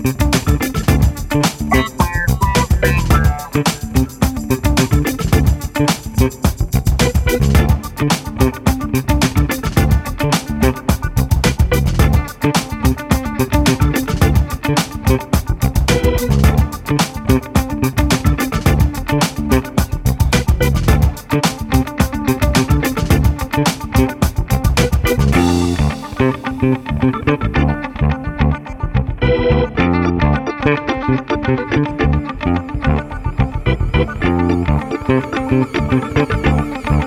Thank you. Thank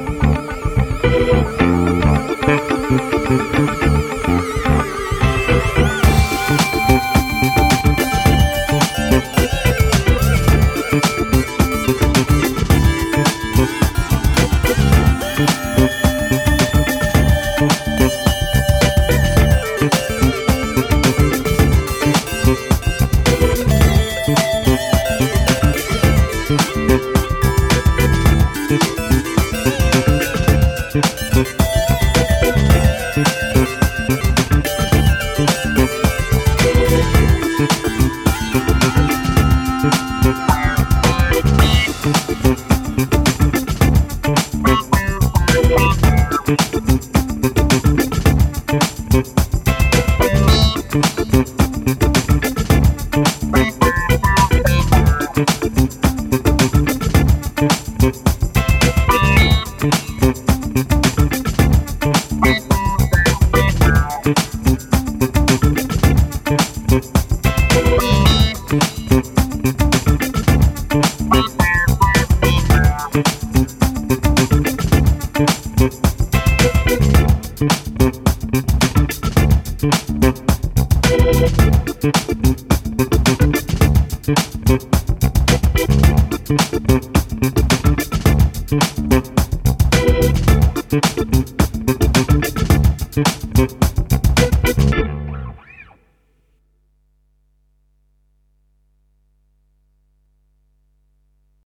you. Música